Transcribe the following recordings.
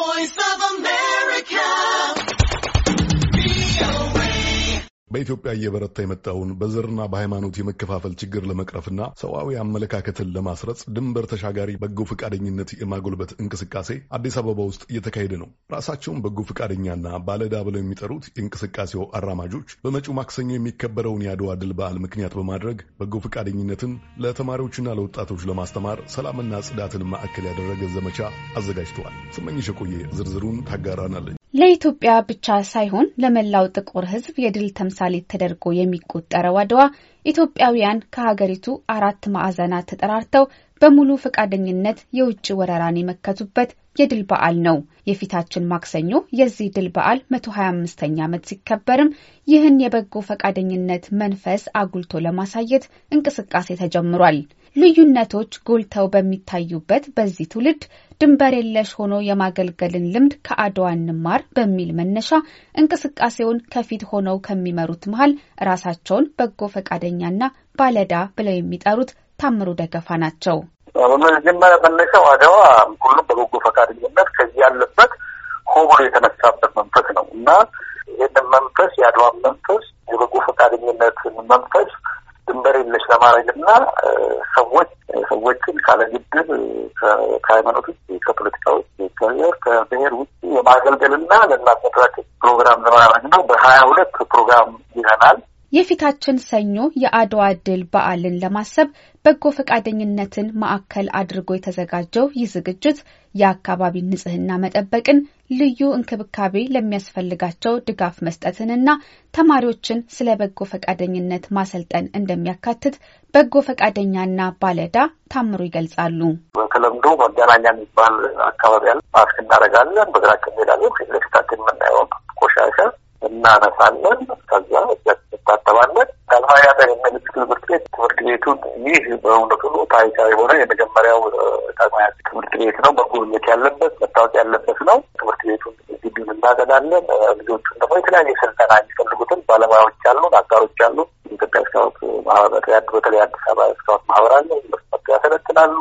voice በኢትዮጵያ እየበረታ የመጣውን በዘርና በሃይማኖት የመከፋፈል ችግር ለመቅረፍና ሰዋዊ አመለካከትን ለማስረጽ ድንበር ተሻጋሪ በጎ ፈቃደኝነት የማጎልበት እንቅስቃሴ አዲስ አበባ ውስጥ እየተካሄደ ነው። ራሳቸውን በጎ ፈቃደኛና ባለዕዳ ብለው የሚጠሩት የእንቅስቃሴው አራማጆች በመጪው ማክሰኞ የሚከበረውን የአድዋ ድል በዓል ምክንያት በማድረግ በጎ ፈቃደኝነትን ለተማሪዎችና ለወጣቶች ለማስተማር ሰላምና ጽዳትን ማዕከል ያደረገ ዘመቻ አዘጋጅተዋል። ስመኝሽ ዝርዝሩን ታጋራናለች። ለኢትዮጵያ ብቻ ሳይሆን ለመላው ጥቁር ሕዝብ የድል ተምሳሌት ተደርጎ የሚቆጠረው አድዋ ኢትዮጵያውያን ከሀገሪቱ አራት ማዕዘናት ተጠራርተው በሙሉ ፈቃደኝነት የውጭ ወረራን የመከቱበት የድል በዓል ነው። የፊታችን ማክሰኞ የዚህ ድል በዓል 125ኛ ዓመት ሲከበርም ይህን የበጎ ፈቃደኝነት መንፈስ አጉልቶ ለማሳየት እንቅስቃሴ ተጀምሯል። ልዩነቶች ጎልተው በሚታዩበት በዚህ ትውልድ ድንበር የለሽ ሆኖ የማገልገልን ልምድ ከአድዋ እንማር በሚል መነሻ እንቅስቃሴውን ከፊት ሆነው ከሚመሩት መሀል ራሳቸውን በጎ ፈቃደኛና ባለዳ ብለው የሚጠሩት ታምሩ ደገፋ ናቸው። በመጀመሪያ መነሻው አድዋ ሁሉም በበጎ ፈቃደኝነት ከዚህ ያለበት ሆብሮ የተነሳበት መንፈስ ነው እና ይህንን መንፈስ የአድዋን መንፈስ የበጎ ፈቃደኝነትን መንፈስ ድንበር የለሽ እና ሰዎች ሰዎችን ካለ ግድብ ከሃይማኖት ውጭ፣ ከፖለቲካ ውጭ፣ ከብሔር ከብሔር ውጭ የማገልገልና ለእናት መድራክ ፕሮግራም ለማድረግ ነው። በሀያ ሁለት ፕሮግራም ይዘናል። የፊታችን ሰኞ የአድዋ ድል በዓልን ለማሰብ በጎ ፈቃደኝነትን ማዕከል አድርጎ የተዘጋጀው ይህ ዝግጅት የአካባቢ ንጽህና መጠበቅን፣ ልዩ እንክብካቤ ለሚያስፈልጋቸው ድጋፍ መስጠትንና ተማሪዎችን ስለ በጎ ፈቃደኝነት ማሰልጠን እንደሚያካትት በጎ ፈቃደኛና ባለዳ ታምሩ ይገልጻሉ። በተለምዶ መገናኛ የሚባል አካባቢ አለ። ማስክ እናደርጋለን፣ በእግራችን እንሄዳለን። ፊት ለፊታችን የምናየው ቆሻሻ እናነሳለን። ከዛ እንታጠባለን። ከማያ የመንግስት ትምህርት ቤት ትምህርት ቤቱን ይህ በእውነቱ ታሪካዊ የሆነ የመጀመሪያው ጠቅማያ ትምህርት ቤት ነው። መጎብኘት ያለበት መታወቅ ያለበት ነው። ትምህርት ቤቱን ግቢውን እናገዳለን። ልጆቹን ደግሞ የተለያየ ስልጠና የሚፈልጉትን ባለሙያዎች አሉ፣ አጋሮች አሉ። ኢትዮጵያ ስካውት ማህበር በተለይ አዲስ አበባ ስካውት ማህበር አለ። ዩኒቨርስቲ ያሰለጥናሉ።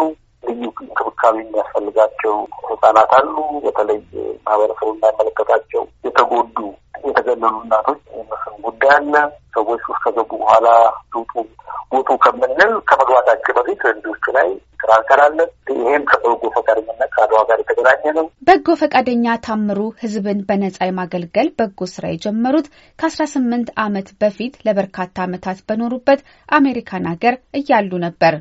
የተለያዩ እንክብካቤ የሚያስፈልጋቸው ህጻናት አሉ። በተለይ ማህበረሰቡ የሚያመለከታቸው የተጎዱ የተገለሉ እናቶች የመስን ጉዳይ አለ። ሰዎች ውስጥ ከገቡ በኋላ ውጡ ውጡ ከምንል ከመግባታቸው በፊት እንዲዎቹ ላይ ስራ ይህም ከበጎ ፈቃደኝነት ከአድዋ ጋር የተገናኘ ነው። በጎ ፈቃደኛ ታምሩ ህዝብን በነጻ የማገልገል በጎ ስራ የጀመሩት ከአስራ ስምንት አመት በፊት ለበርካታ አመታት በኖሩበት አሜሪካን ሀገር እያሉ ነበር።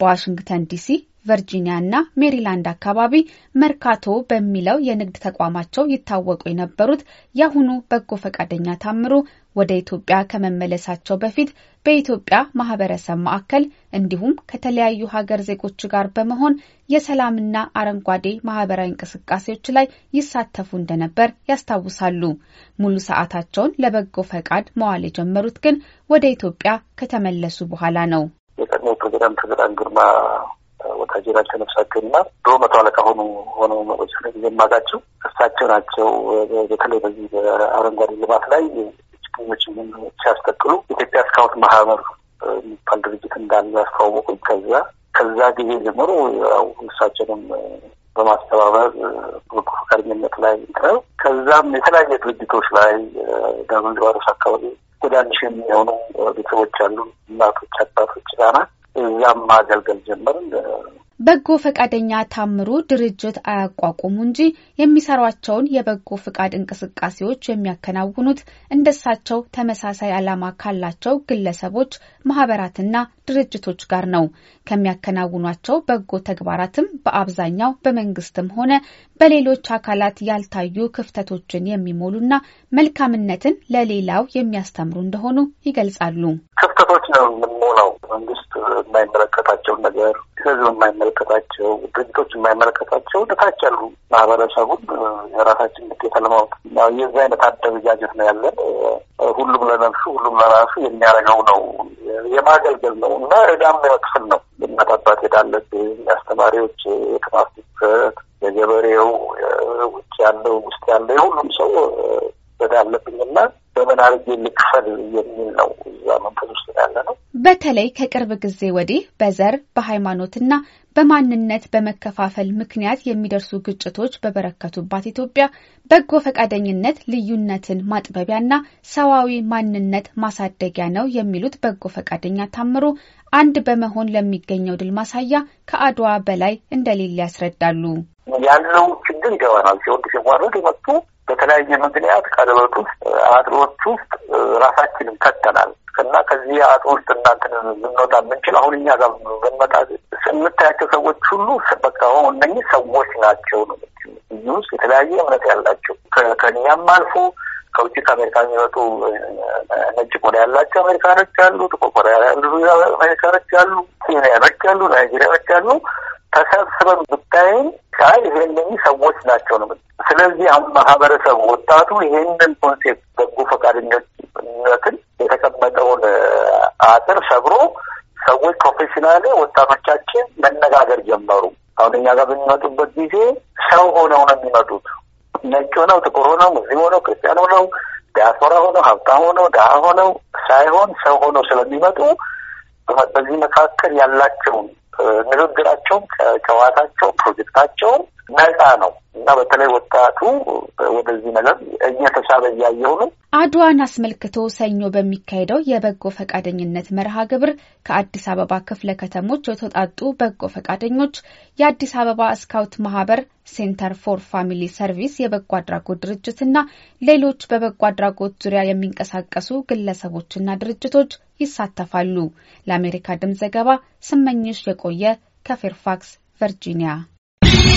በዋሽንግተን ዲሲ ቨርጂኒያ እና ሜሪላንድ አካባቢ መርካቶ በሚለው የንግድ ተቋማቸው ይታወቁ የነበሩት የአሁኑ በጎ ፈቃደኛ ታምሩ ወደ ኢትዮጵያ ከመመለሳቸው በፊት በኢትዮጵያ ማህበረሰብ ማዕከል እንዲሁም ከተለያዩ ሀገር ዜጎች ጋር በመሆን የሰላምና አረንጓዴ ማህበራዊ እንቅስቃሴዎች ላይ ይሳተፉ እንደነበር ያስታውሳሉ። ሙሉ ሰዓታቸውን ለበጎ ፈቃድ መዋል የጀመሩት ግን ወደ ኢትዮጵያ ከተመለሱ በኋላ ነው። የቀድሞ ፕሬዚዳንት ግርማ ወታጀር አልተነፍሳቸውና ድሮ መቶ አለቃ ሆኑ ሆነው መቆጭ ጊዜ የማውቃቸው እሳቸው ናቸው። በተለይ በዚህ በአረንጓዴ ልማት ላይ ችግኞችን ሲያስጠቅሉ ኢትዮጵያ ስካውት ማህበር የሚባል ድርጅት እንዳለ አስተዋወቁ። ከዛ ከዛ ጊዜ ጀምሮ ያው እሳቸውንም በማስተባበር በጎ ፈቃደኝነት ላይ ነው። ከዛም የተለያየ ድርጅቶች ላይ ዳመንድባሮስ አካባቢ ወደ አንድ ሺህ የሚሆኑ ቤተሰቦች አሉ። እናቶች፣ አባቶች፣ ህጻናት እዛም ማገልገል ጀመርን። በጎ ፈቃደኛ ታምሩ ድርጅት አያቋቁሙ እንጂ የሚሰሯቸውን የበጎ ፍቃድ እንቅስቃሴዎች የሚያከናውኑት እንደሳቸው ተመሳሳይ ዓላማ ካላቸው ግለሰቦች፣ ማህበራትና ድርጅቶች ጋር ነው። ከሚያከናውኗቸው በጎ ተግባራትም በአብዛኛው በመንግስትም ሆነ በሌሎች አካላት ያልታዩ ክፍተቶችን የሚሞሉና መልካምነትን ለሌላው የሚያስተምሩ እንደሆኑ ይገልጻሉ። ክፍተቶች ነው የምንሞላው መንግስት የማይመለከታቸውን ነገር ህዝብ የማይመለከታቸው ድርጅቶች የማይመለከታቸው በታች ያሉ ማህበረሰቡን የራሳችን ግዴታ ለማወቅ የዚ አይነት አደረጃጀት ነው ያለን። ሁሉም ለነፍሱ ሁሉም ለራሱ የሚያደርገው ነው የማገልገል ነው እና እዳም ክፍል ነው። እናት አባት ሄዳለች፣ የአስተማሪዎች፣ የገበሬው፣ ውጭ ያለው ውስጥ ያለው የሁሉም ሰው እዳ እና አድርጌ ልክፈል የሚል ነው እዛ መንፈስ ውስጥ ያለ ነው። በተለይ ከቅርብ ጊዜ ወዲህ በዘር በሃይማኖትና በማንነት በመከፋፈል ምክንያት የሚደርሱ ግጭቶች በበረከቱባት ኢትዮጵያ በጎ ፈቃደኝነት ልዩነትን ማጥበቢያና ሰዋዊ ማንነት ማሳደጊያ ነው የሚሉት በጎ ፈቃደኛ ታምሩ አንድ በመሆን ለሚገኘው ድል ማሳያ ከአድዋ በላይ እንደሌለ ያስረዳሉ። ያለው ችግር ይገባናል። ሲወድ ሲዋረድ የመጡ በተለያየ ምክንያት ቀለበት ውስጥ አጥሮች ውስጥ ራሳችንን ከተናል እና ከዚህ አጥ ውስጥ እናንትን ልንወጣ የምንችል አሁን እኛ ጋር ብንመጣ የምታያቸው ሰዎች ሁሉ በቃ እነኚህ ሰዎች ናቸው ነው ብዙ ውስጥ የተለያየ እምነት ያላቸው ከእኛም አልፎ ከውጭ ከአሜሪካ የሚመጡ ነጭ ቆዳ ያላቸው አሜሪካኖች አሉ፣ ጥቁር ቆዳ ያሉ አሜሪካኖች አሉ፣ ኬንያኖች አሉ፣ ናይጄሪያኖች አሉ። ተሰብስበን ብታይም አይ ይሄ እነኚህ ሰዎች ናቸው ነው ስለዚህ ማህበረሰቡ ወጣቱ ይሄንን ኮንሴፕት በጎ ፈቃደኝነትን የተቀመጠውን አጥር ሰብሮ ሰዎች ፕሮፌሽናል ወጣቶቻችን መነጋገር ጀመሩ። አሁን እኛ ጋር በሚመጡበት ጊዜ ሰው ሆነው ነው የሚመጡት። ነጭ ሆነው፣ ጥቁር ሆነው፣ ሙስሊም ሆነው፣ ክርስቲያን ሆነው፣ ዲያስፖራ ሆነው፣ ሀብታም ሆነው፣ ድሀ ሆነው ሳይሆን ሰው ሆነው ስለሚመጡ በዚህ መካከል ያላቸውን ንግግራቸውን፣ ጨዋታቸውን፣ ፕሮጀክታቸውን ነጻ ነው እና በተለይ ወጣቱ ወደዚህ ነገር እየተሳበ እያየው ነው። አድዋን አስመልክቶ ሰኞ በሚካሄደው የበጎ ፈቃደኝነት መርሃ ግብር ከአዲስ አበባ ክፍለ ከተሞች የተውጣጡ በጎ ፈቃደኞች፣ የአዲስ አበባ ስካውት ማህበር፣ ሴንተር ፎር ፋሚሊ ሰርቪስ የበጎ አድራጎት ድርጅትና ሌሎች በበጎ አድራጎት ዙሪያ የሚንቀሳቀሱ ግለሰቦችና ድርጅቶች ይሳተፋሉ። ለአሜሪካ ድምፅ ዘገባ ስመኝሽ የቆየ ከፌርፋክስ ቨርጂኒያ